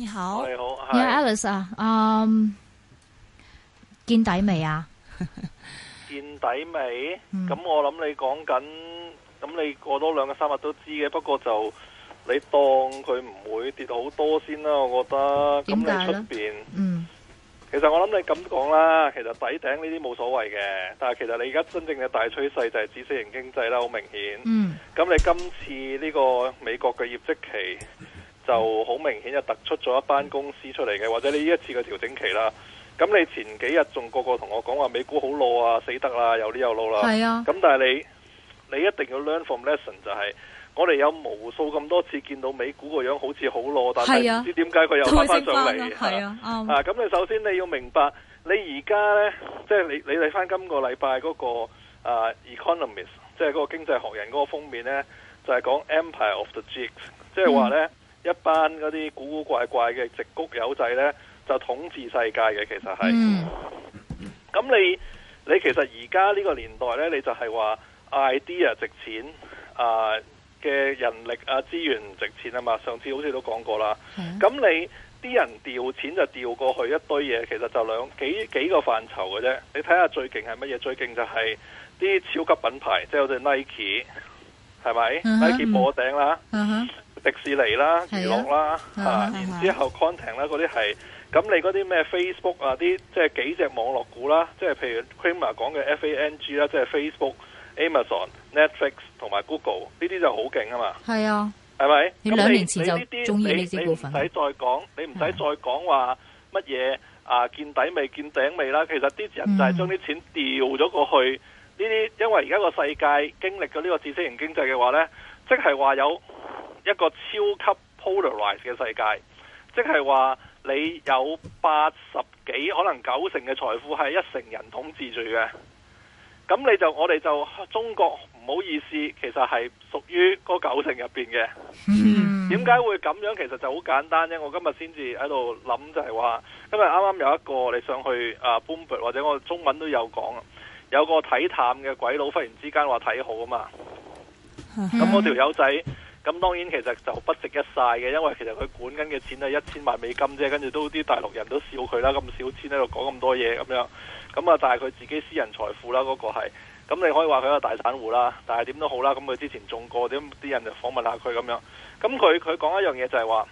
你好，你好，你係 Alice 啊，嗯？見底未啊？ 見底未？咁、嗯、我諗你講緊，咁你過多兩個三日都知嘅。不過就你當佢唔會跌好多先啦，我覺得。點解咧？嗯，其實我諗你咁講啦，其實底頂呢啲冇所謂嘅。但係其實你而家真正嘅大趨勢就係知識型經濟啦，好明顯。嗯。咁你今次呢個美國嘅業績期，就好明顯就突出咗一班公司出嚟嘅，或者你呢一次嘅調整期啦，咁你前幾日仲個個同我講話美股好老啊，死得啦，有啲又老啦，啊，咁但係你你一定要 learn from lesson 就係，我哋有無數咁多次見到美股個樣好似好老，但係唔知點解佢又翻翻上嚟，啊，咁你首先你要明白，你而家呢，即係你你睇翻今個禮拜嗰個、uh, economist，即係嗰個經濟學人嗰個封面呢，就係講 Empire of the geeks 即係話呢。嗯一班嗰啲古古怪怪嘅矽谷友仔呢，就統治世界嘅其實係。咁、嗯、你你其實而家呢個年代呢，你就係話 idea 值錢啊嘅、呃、人力啊資源值錢啊嘛。上次好似都講過啦。咁、嗯、你啲人調錢就調過去一堆嘢，其實就兩幾幾個範疇嘅啫。你睇下最勁係乜嘢？最勁就係啲超級品牌，即係好似 Nike 係咪？Nike 破頂啦。嗯嗯迪士尼啦，娛樂啦嚇，然之後 content 啦，嗰啲係咁。你嗰啲咩 Facebook 啊，啲即係幾隻網絡股啦，即係譬如 Cramer 講嘅 FANG 啦，即係 Facebook、Amazon、Netflix 同埋 Google 呢啲就好勁啊嘛。係啊，係咪？咁你你呢啲你唔使再講，你唔使再講話乜嘢啊？見底未？見頂未啦？其實啲人就係將啲錢掉咗過去呢啲，因為而家個世界經歷咗呢個知識型經濟嘅話呢，即係話有。一個超級 polarized 嘅世界，即係話你有八十幾，可能九成嘅財富係一成人統治住嘅，咁你就我哋就中國唔好意思，其實係屬於嗰九成入邊嘅。嗯，點解會咁樣？其實就好簡單啫。我今日先至喺度諗，就係話今日啱啱有一個你上去啊 Bloomberg 或者我中文都有講啊，有個睇淡嘅鬼佬忽然之間話睇好啊嘛，咁我條友仔。咁當然其實就不值一哂嘅，因為其實佢管緊嘅錢係一千萬美金啫，跟住都啲大陸人都笑佢啦，咁少錢喺度講咁多嘢咁樣，咁啊但係佢自己私人財富啦，嗰個係，咁你可以話佢一個大散戶啦，但係點都好啦，咁佢之前中過，啲啲人就訪問下佢咁樣，咁佢佢講一樣嘢就係話，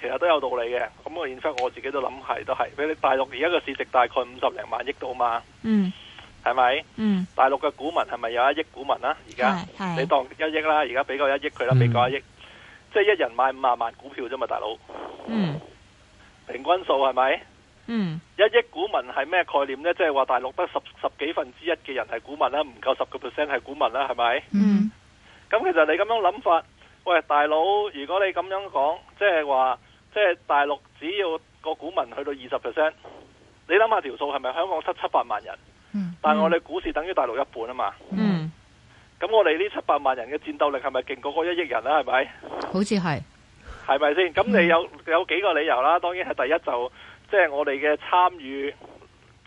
其實都有道理嘅，咁我因此我自己都諗係都係，譬如大陸而家嘅市值大概五十零萬億到嘛。嗯。係咪？是不是，嗯。大陸嘅股民係咪有一億股民啦、啊？而家，你當一億啦，而家俾個一億佢啦，俾個、嗯、一億，即係一人買五十萬股票啫嘛，大佬。嗯。平均數係咪？嗯。一億股民係咩概念呢？即係話大陸得十十幾分之一嘅人係股民啦、啊，唔夠十個 percent 係股民啦、啊，係咪？嗯。咁其實你咁樣諗法，喂，大佬，如果你咁樣講，即係話，即、就、係、是、大陸只要個股民去到二十 percent，你諗下條數係咪香港七七八萬人？但係我哋股市等於大陸一半啊嘛，嗯，咁我哋呢七百萬人嘅戰鬥力係咪勁過嗰一億人啦，係咪？好似係，係咪先？咁你有有幾個理由啦？當然係第一就即係我哋嘅參與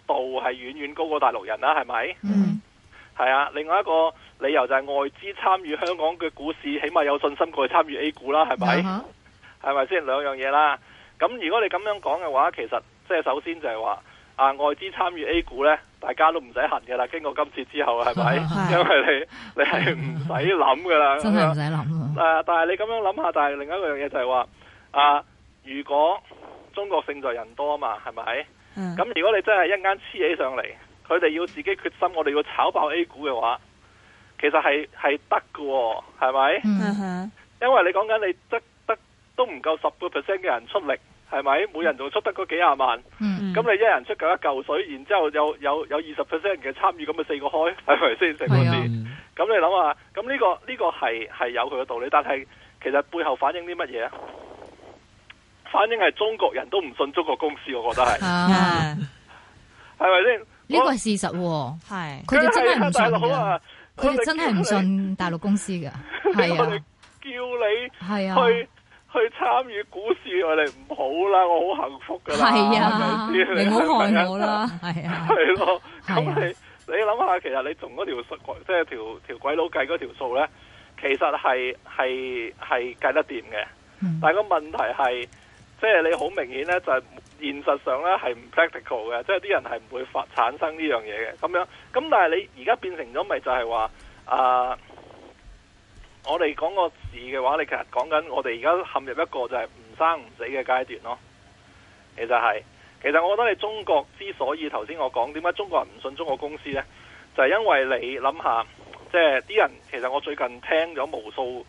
度係遠遠高過大陸人啦，係咪？嗯，係啊。另外一個理由就係外資參與香港嘅股市起碼有信心過去參與 A 股啦，係咪？係咪先兩樣嘢啦？咁如果你咁樣講嘅話，其實即係首先就係話啊外資參與 A 股呢。大家都唔使恨嘅啦，經過今次之後係咪？因為你你係唔使諗噶啦，真係唔使諗。誒、 啊，但係你咁樣諗下，但係另一樣嘢就係話，啊，如果中國勝在人多啊嘛，係咪？咁 如果你真係一間黐起上嚟，佢哋要自己決心，我哋要炒爆 A 股嘅話，其實係係得喎，係咪、哦？ 因為你講緊你得得都唔夠十個 percent 嘅人出力。係咪？每人仲出得嗰幾廿萬？咁、嗯嗯、你一人出夠一嚿水，然之後有有有二十 percent 嘅參與咁嘅四個開，係咪先？成件事，咁、啊、你諗下，咁呢、呢個呢、呢個係係有佢嘅道理，但係其實背後反映啲乜嘢啊？反映係中國人都唔信中國公司，我覺得係，係咪先？呢個係事實，係佢哋真係唔信啊！佢哋是真係唔信、啊、信大陸公司嘅，佢哋叫你係啊 去。去參與股市，我哋唔好啦，我好幸福噶啦，啊、你唔好害我啦，係 啊，係咯，咁你、啊、你諗下，其實你同嗰條即係條條鬼佬計嗰條數咧，其實係係係計得掂嘅，嗯、但係個問題係，即、就、係、是、你好明顯咧，就係現實上咧係唔 practical 嘅，即係啲人係唔會發產生呢樣嘢嘅，咁樣，咁但係你而家變成咗咪就係話啊？呃我哋講個字嘅話，你其實講緊我哋而家陷入一個就係唔生唔死嘅階段咯。其實係，其實我覺得你中國之所以頭先我講，點解中國人唔信中國公司呢，就係因為你諗下，即係啲人其實我最近聽咗無數，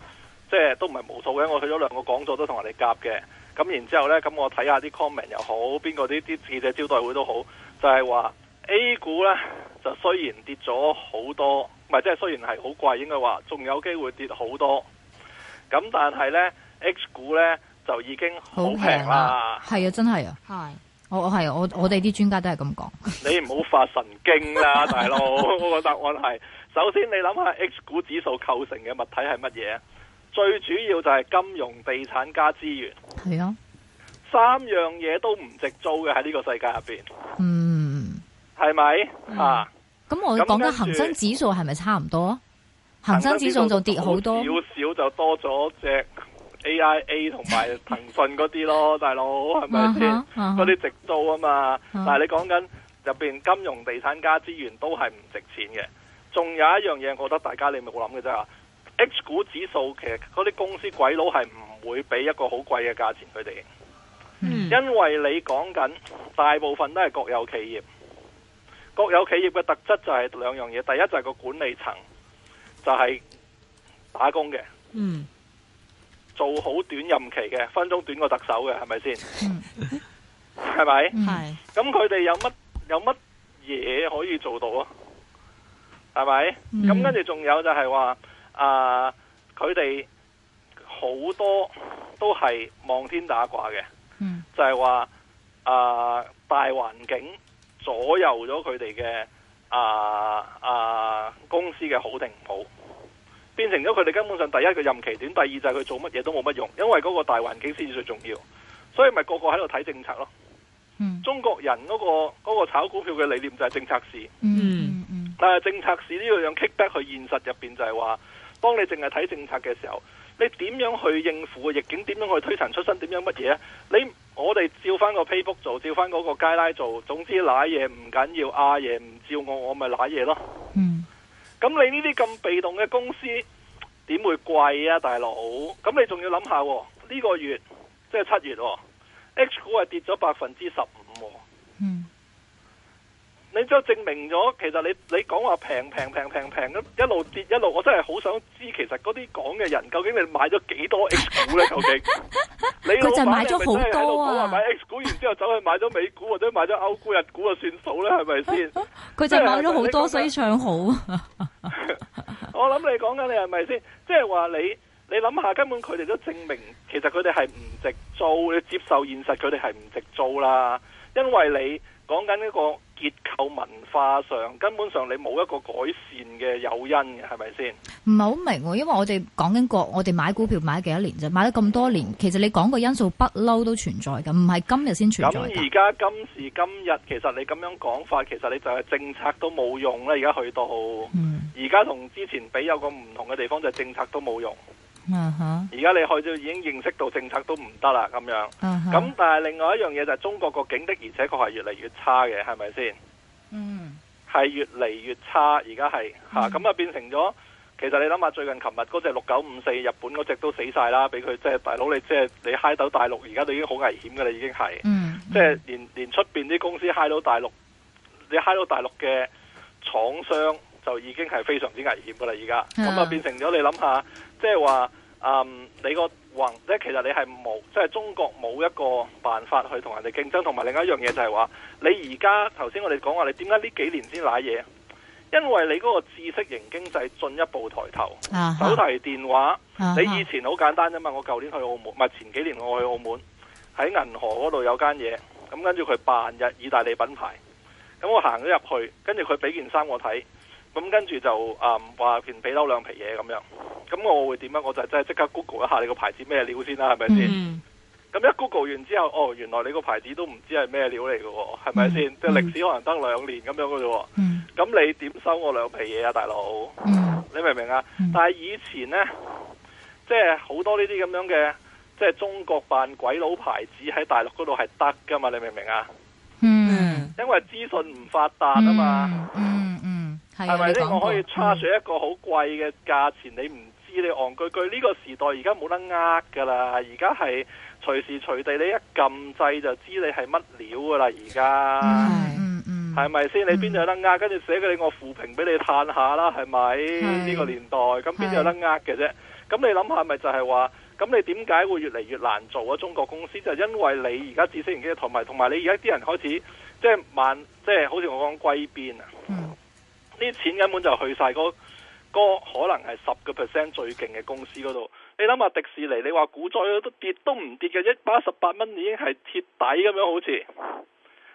即係都唔係無數嘅，我去咗兩個講座都同人哋夾嘅。咁然之後呢，咁我睇下啲 comment 又好，邊個啲啲記者招待會都好，就係話 A 股呢，就雖然跌咗好多。唔，即係雖然係好貴，應該話仲有機會跌好多。咁但係呢 H 股呢，就已經好平啦。係啊，真係啊。係是我，啊、我係我我哋啲專家都係咁講。你唔好發神經啦，大佬。我個 答案係：首先你諗下，H 股指數構成嘅物體係乜嘢？最主要就係金融、地產加資源。係啊，三樣嘢都唔值租嘅喺呢個世界入邊。嗯，係咪啊？嗯咁我講緊恒生指數係咪差唔多？恒生指數就跌好多，少少就多咗隻 AIA 同埋騰訊嗰啲咯，大佬係咪先？嗰啲直租啊嘛， 但係你講緊入邊金融地產加資源都係唔值錢嘅。仲有一樣嘢，我覺得大家你咪冇諗嘅啫，係話 H 股指數其實嗰啲公司鬼佬係唔會俾一個好貴嘅價錢佢哋，嗯、因為你講緊大部分都係國有企業。國有企業嘅特質就係兩樣嘢，第一就係個管理層就係、是、打工嘅，嗯、做好短任期嘅，分鐘短過特首嘅，係咪先？係咪、嗯？係吧。咁佢哋有乜有乜嘢可以做到啊？係咪？咁跟住仲有就係話啊，佢哋好多都係望天打卦嘅，嗯、就係話啊大環境。左右咗佢哋嘅，啊啊公司嘅好定唔好，變成咗佢哋根本上第一個任期短，第二就係佢做乜嘢都冇乜用，因為嗰個大環境先至最重要，所以咪個個喺度睇政策咯。嗯，中國人嗰個嗰個炒股票嘅理念就係政策市。嗯嗯，但係政策市呢個樣 kick back 去現實入邊就係話。當你淨係睇政策嘅時候，你點樣去應付逆境？點樣去推陳出新？點樣乜嘢啊？你我哋照翻個 paybook 做，照翻嗰個街拉做，總之瀨嘢唔緊要，阿爺唔照我，我咪瀨嘢咯。咁、嗯、你呢啲咁被動嘅公司點會貴啊，大佬？咁你仲要諗下呢、這個月即係七月，H 股係跌咗百分之十。你就證明咗，其實你你講話平平平平平咁一路跌一路，我真係好想知，其實嗰啲講嘅人究竟你買咗幾多 X 股呢？究竟 你老就買咗好多啊！佢就， 就買咗好多啊！買 X 股，然之後走去買咗美股，或者買咗歐股日股就算數呢？係咪先？佢就買咗好多， 所以，所以唱好。 我諗你講緊你係咪先？即係話你你諗下，根本佢哋都證明，其實佢哋係唔值租，你接受現實，佢哋係唔值租啦，因為你。講緊呢個結構文化上，根本上你冇一個改善嘅誘因嘅，係咪先？唔係好明，因為我哋講緊過，我哋買股票買咗幾多年啫，買咗咁多年，其實你講個因素不嬲都存在嘅，唔係今日先存在的。咁而家今時今日，其實你咁樣講法，其實你就係政策都冇用咧。而家去到，而家同之前比有個唔同嘅地方就係、是、政策都冇用。嗯，而家你去到已經認識到政策都唔得啦，咁樣。嗯咁、uh huh. 但係另外一樣嘢就係中國個景的，的，而且確係越嚟越差嘅，係咪先？嗯，係越嚟越差，而家係吓，咁、uh huh. 啊就變成咗。其實你諗下，最近琴日嗰隻六九五四，日本嗰隻都死晒啦，俾佢即係大佬，你即係、就是、你嗨到大陸，而家都已經好危險噶啦，已經係。即係、uh huh. 連連出面啲公司嗨到大陸，你嗨到大陸嘅廠商。就已經係非常之危險嘅啦！而家咁啊，hmm. 咁就變成咗你諗下，即係話，嗯，你個橫咧，其實你係冇，即係中國冇一個辦法去同人哋競爭。同埋另一樣嘢就係話，你而家頭先我哋講話，你點解呢幾年先攋嘢？因為你嗰個知識型經濟進一步抬頭，uh huh. 手提電話，uh huh. 你以前好簡單啫嘛。我舊年去澳門，唔係前幾年我去澳門，喺銀河嗰度有間嘢，咁跟住佢扮日意大利品牌，咁我行咗入去，跟住佢俾件衫我睇。咁、嗯、跟住就誒，話件皮褸兩皮嘢咁樣，咁我會點啊？我就真係即刻 Google 一下你個牌子咩料先啦，係咪先？咁、mm hmm. 一 Google 完之後，哦，原來你個牌子都唔知係咩料嚟嘅，係咪先？Mm hmm. 即係歷史可能得兩年咁樣嘅啫。咁、mm hmm. 你點收我兩皮嘢啊，大佬？Mm hmm. 你明唔明啊？Mm hmm. 但係以前呢，即係好多呢啲咁樣嘅，即係中國扮鬼佬牌子喺大陸嗰度係得噶嘛？你明唔明啊？嗯、mm，hmm. 因為資訊唔發達啊嘛。Mm hmm. 係咪呢？是是你我可以差水一個好貴嘅價錢，嗯、你唔知你戇居居，呢個時代而家冇得呃㗎啦。而家係隨時隨地你一撳掣就知你係乜料㗎啦。而家係咪先？你邊度有得呃？跟住、嗯、寫俾你，我扶給你探下，我負評俾你嘆下啦，係咪呢個年代？咁邊度有得呃嘅啫？咁是你諗下，咪就係話咁？你點解會越嚟越難做啊？中國公司就係、因為你而家知識型經濟，同埋同埋你而家啲人開始即係慢，即係好似我講歸邊啊。嗯啲錢根本就去晒、那個，嗰、那、嗰、個、可能係十個 percent 最勁嘅公司嗰度。你諗下迪士尼，你話股災都跌都唔跌嘅，一百一十八蚊已經係貼底咁樣，好似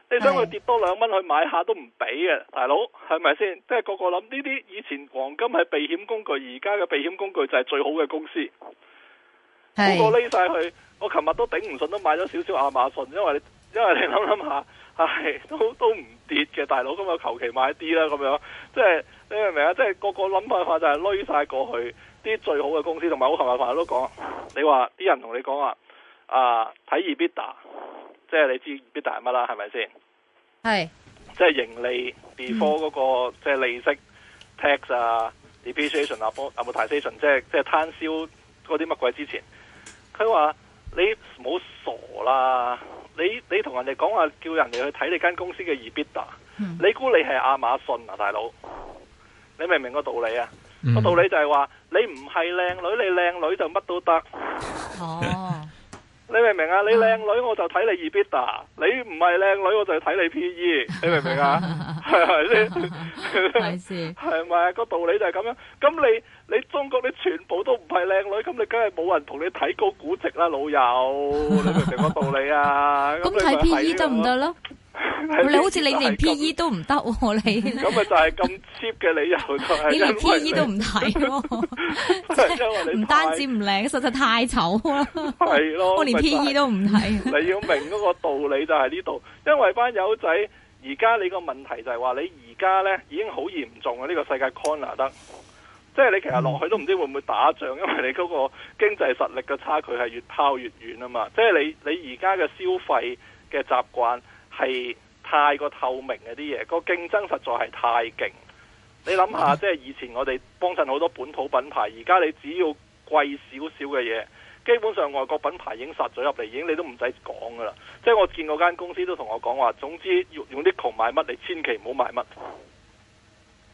你想佢跌多兩蚊去買下都唔俾嘅，大佬係咪先？即係、就是、個個諗呢啲以前黃金係避險工具，而家嘅避險工具就係最好嘅公司，是個個匿晒去。我琴日都頂唔順，都買咗少少亞馬遜，因為因為你諗諗下。唉，都都唔跌嘅，大佬咁啊，求其買啲啦咁樣，即係你明唔明啊？即係個個諗法就係攞晒過去啲最好嘅公司，同埋我同埋朋友都講，你話啲人同你講話啊，睇 EBITDA，即係你知 EBITDA 係乜啦，係咪先？係，即係盈利 before 嗰個即係、嗯、利息 tax 啊，depreciation 啊 amortization 即係即係攤銷嗰啲乜鬼之前，佢話你唔好傻啦。你你同人哋講話叫人哋去睇你間公司嘅 EBITDA、嗯、你估你係亞馬遜啊大佬？你明唔明個道理啊？個、嗯、道理就係話你唔係靚女，你靚女就乜都得。哦、啊。 你明唔明啊？你靚女我就睇你 EBITDA，你唔係靚女我就睇你 PE，你明唔明啊？係咪先？係咪個道理就係咁樣？咁你你中國你全部都唔係靚女，咁你梗係冇人同你睇估值啦，老友， 你明唔明個道理啊？咁睇 PE 得唔得咯？ 你好似你連 P.E. 都唔得，啊，你咁咪就係咁 cheap 嘅理由就係你， 你連 P.E. 都唔睇係，唔 單止唔靚，實在太醜啦！係 咯，我連 P.E. 都唔睇，啊就是。你要明嗰個道理就係呢度，因為班友仔，而家你個問題就係話你而家咧已經好嚴重啊！呢、這個世界 corner 得、就是，即、就、係、是、你其實落去都唔知會唔會打仗，因為你嗰個經濟實力嘅差距係越拋越遠啊嘛！即、就、係、是、你你而家嘅消費嘅習慣。係太過透明嗰啲嘢，個競爭實在係太勁。你諗下，即係以前我哋幫襯好多本土品牌，而家你只要貴少少嘅嘢，基本上外國品牌已經殺咗入嚟，已經你都唔使講噶啦。即係我見嗰間公司都同我講話，總之用啲窮買乜，你千祈唔好買乜。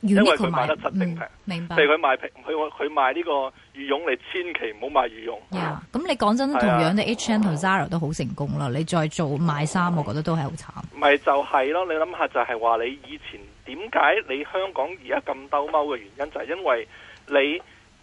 Un 因為佢賣得七正平，嗯，明白？俾佢賣平，佢佢賣呢個羽絨，你千祈唔好賣羽絨。咁 Yeah, 是你講真的，啊、同樣啲 H&M 同 Zara 都好成功啦。你再做買衫，嗯、我覺得都係好慘。咪就係咯，你諗下，就係話你以前點解你香港而家咁兜踎嘅原因，就係因為你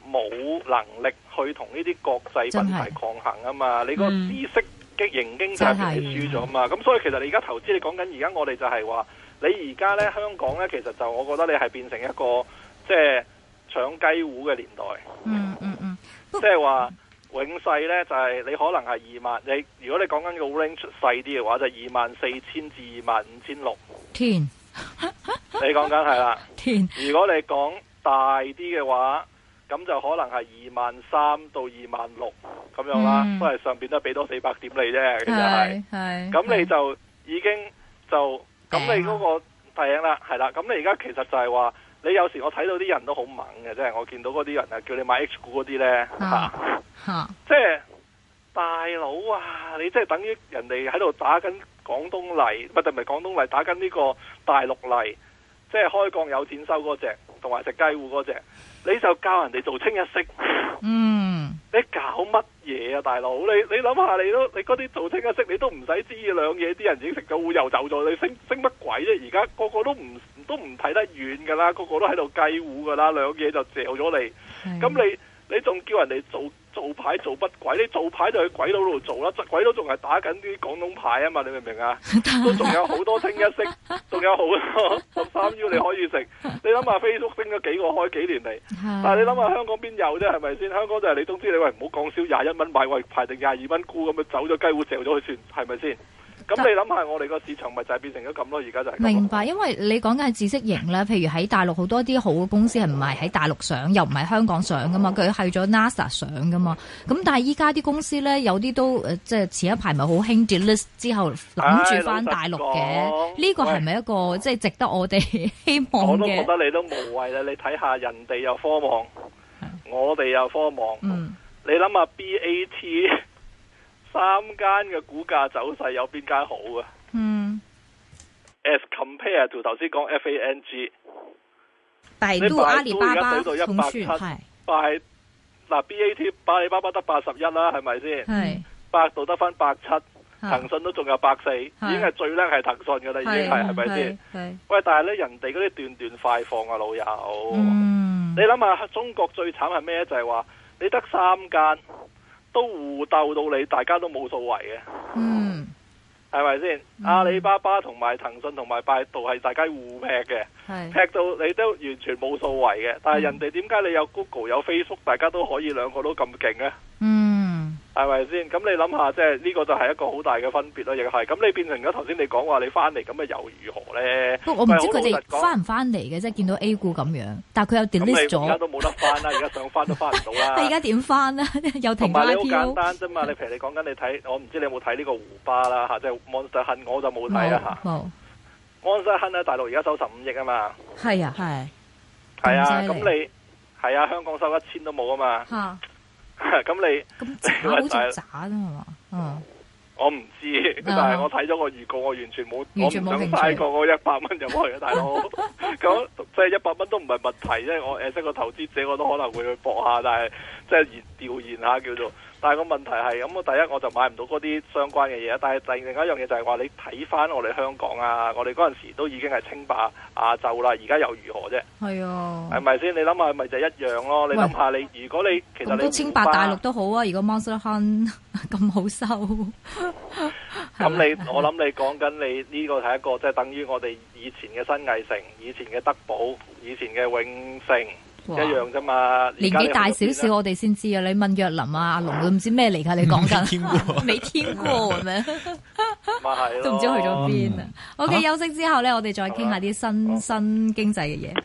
冇能力去同呢啲國際品牌抗衡啊嘛。的你個知識嘅型經濟輸咗嘛。咁、嗯啊、所以其實你而家投資，你講緊而家我哋就係話。你而家咧香港咧，其實就我覺得你係變成一個即係、就是、搶雞糊嘅年代。嗯嗯嗯，即係話永世咧，就係、是、你可能係二萬。你如果你講緊個 range 細啲嘅話，就是、二萬四千至二萬五千六。天，你講緊係啦。天，如果你講大啲嘅話，咁就可能係二萬三到二萬六咁樣啦。嗯、都係上邊都俾多四百點你啫，是其實係。係。咁你就已經就。咁、嗯、你嗰個提醒啦，係啦，咁你而家其實就係話，你有時我睇到啲人都好猛嘅，即係我見到嗰啲人啊，叫你買 H 股嗰啲咧嚇，即係大佬啊，你即係等於人哋喺度打緊廣東嚟，唔係唔係廣東嚟打緊呢個大陸嚟，即係開槓有錢收嗰隻、同埋食雞糊嗰隻，你就教人哋做清一色。嗯你搞乜嘢啊，大佬？你你諗下，你，下你都你嗰啲做清一色，你都唔使知兩嘢，啲人已經食咗糊，又走咗，你升升乜鬼啫？而家個個都唔都唔睇得遠㗎啦，個個都喺度計糊㗎啦，兩嘢就嚼咗你，咁的你。你仲叫人哋做做牌做乜鬼？你做牌就去鬼佬度做啦，鬼佬仲係打緊啲廣東牌啊嘛，你明唔明啊？ 都仲有好多清一色，仲有好多十三 U 你可以食。你諗下 Facebook 升咗幾個開幾年嚟？但係你諗下香港邊有啫？係咪先？香港就係你總知，你喂，唔好講笑廿一蚊買，喂，排定廿二蚊沽咁啊，樣走咗雞會蝕咗佢算，係咪先？咁你諗下，我哋個市場咪就係變成咗咁咯？而家就係咁樣，明白，因為你講緊係知識型咧，譬如喺大陸好多啲好嘅公司係唔係喺大陸上，又唔係香港上噶嘛？佢係咗 NASA 上噶嘛？咁但係依家啲公司咧，有啲都即係、呃、前一排咪好興 delist、哎、之後諗住翻大陸嘅，呢個係咪一個即係喂值得我哋希望嘅？我都覺得你都無謂啦！你睇下人哋又科網，的我哋又科網，嗯、你諗下 BAT。三間嘅股價走勢有邊間好啊？嗯。As compared to 頭先講 FANG，百度阿里巴巴騰訊係，嗱 BAT，阿里巴巴得八十一啦，係咪先？係。百度得翻八七，騰訊都仲有八四，已經係最叻係騰訊噶啦，已經係，係咪先？係。喂，但係咧，人哋嗰啲段段快放啊，老友。嗯。你諗下，中國最慘係咩？就係話你得三間。都互鬥到你，大家都冇數為嘅，嗯，係咪先？阿里巴巴同埋騰訊同埋百度係大家互劈嘅，係，劈到你都完全冇數為嘅。但係人哋點解你有 Google 有 Facebook，大家都可以兩個都咁勁咧？嗯。係咪先？咁你諗下，即係呢個就係一個好大嘅分別啦。亦係咁，你變成咗頭先你講話你翻嚟，咁啊又如何咧？我唔知佢哋翻唔翻嚟嘅，即係見到 A 股咁樣。嗯、但係佢又點都冇得翻啦，而家想翻都翻唔到啦。而家點翻咧？又停咗。同埋好簡單啫嘛。你譬如你講緊你睇，我唔知你有冇睇呢個胡巴啦嚇，即係安世亨，我就冇睇啦嚇。安世亨咧，大陸而家收十五億啊嘛。係啊，係。係啊，咁、啊、你係啊，香港收一千都冇啊嘛。咁 你好渣啊嘛？嗯，我唔知， 但係我睇咗個預告，我完全冇，完全冇興趣。我唔想嘥過我一百蚊就冇啦， 大佬哥。咁即係一百蚊都唔係問題啫。我誒，作個投資者，我都可能會去搏、就是、下，但係即係調研下叫做。但係個問題係咁，我第一我就買唔到嗰啲相關嘅嘢。但係第另一樣嘢就係話，你睇翻我哋香港啊，我哋嗰陣時都已經係清霸亞洲啦，而家又如何啫？係啊，係咪先？你諗下，咪就一樣咯。你諗下，你喂如果你其實你都清霸大陸都好啊。如果 Monster Hunt 咁好收，咁 吧你我諗你講緊你呢個係一個即係等於我哋以前嘅新藝城、以前嘅德寶、以前嘅永盛。一樣啫嘛，年紀大少少，我哋先知啊！你問若琳啊，阿龍都唔知咩嚟噶，你講緊未聽過？未聽過係咪？都唔知去咗邊啊！OK，休息之後咧，我哋再傾下啲新、啊、新經濟嘅嘢。